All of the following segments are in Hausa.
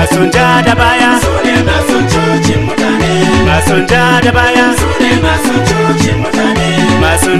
masu ja da baya su masu cocin mutane masu ja da baya su ne masu cocin mutane masu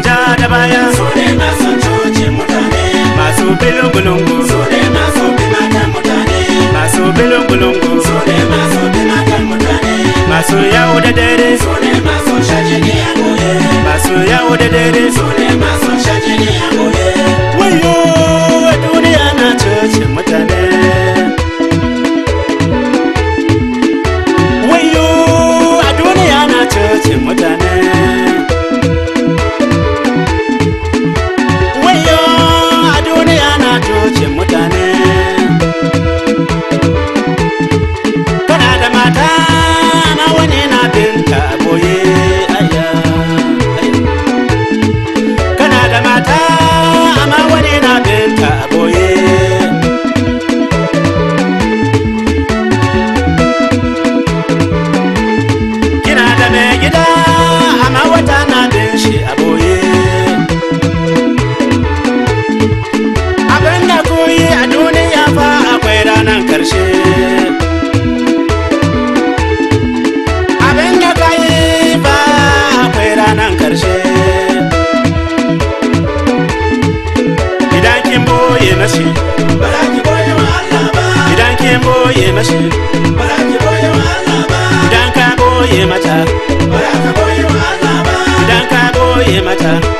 ta.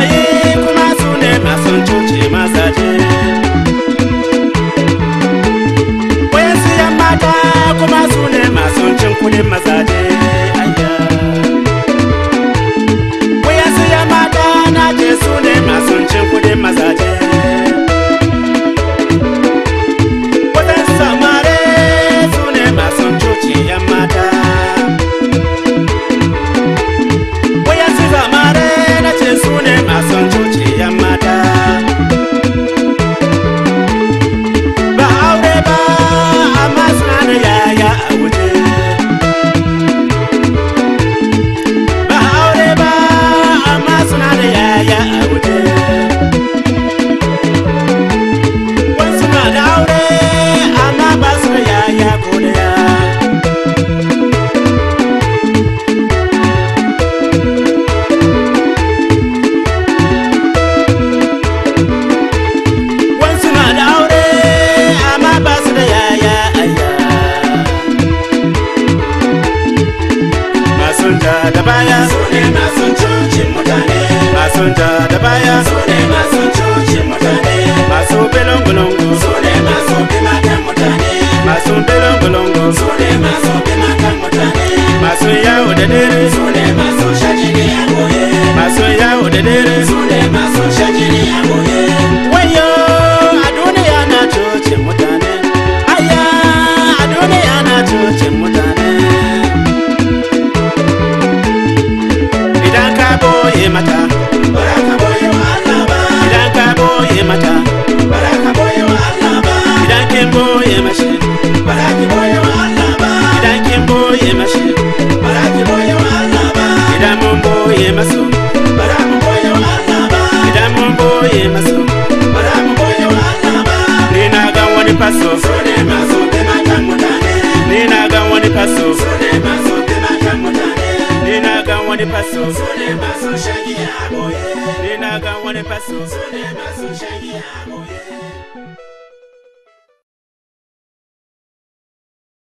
え da baya su ne cocin mutane masu ja da baya sune masu masun cocin mutane masu belongolongo su sune masu bi matan mutane masu belongolongo su sune masu bi matan mutane masu yawo da dare su masu shaji ne a goye masu yawo da dare su naga wani paso sune maso shagi ya boye naga wani paso sune maso shagi ya boye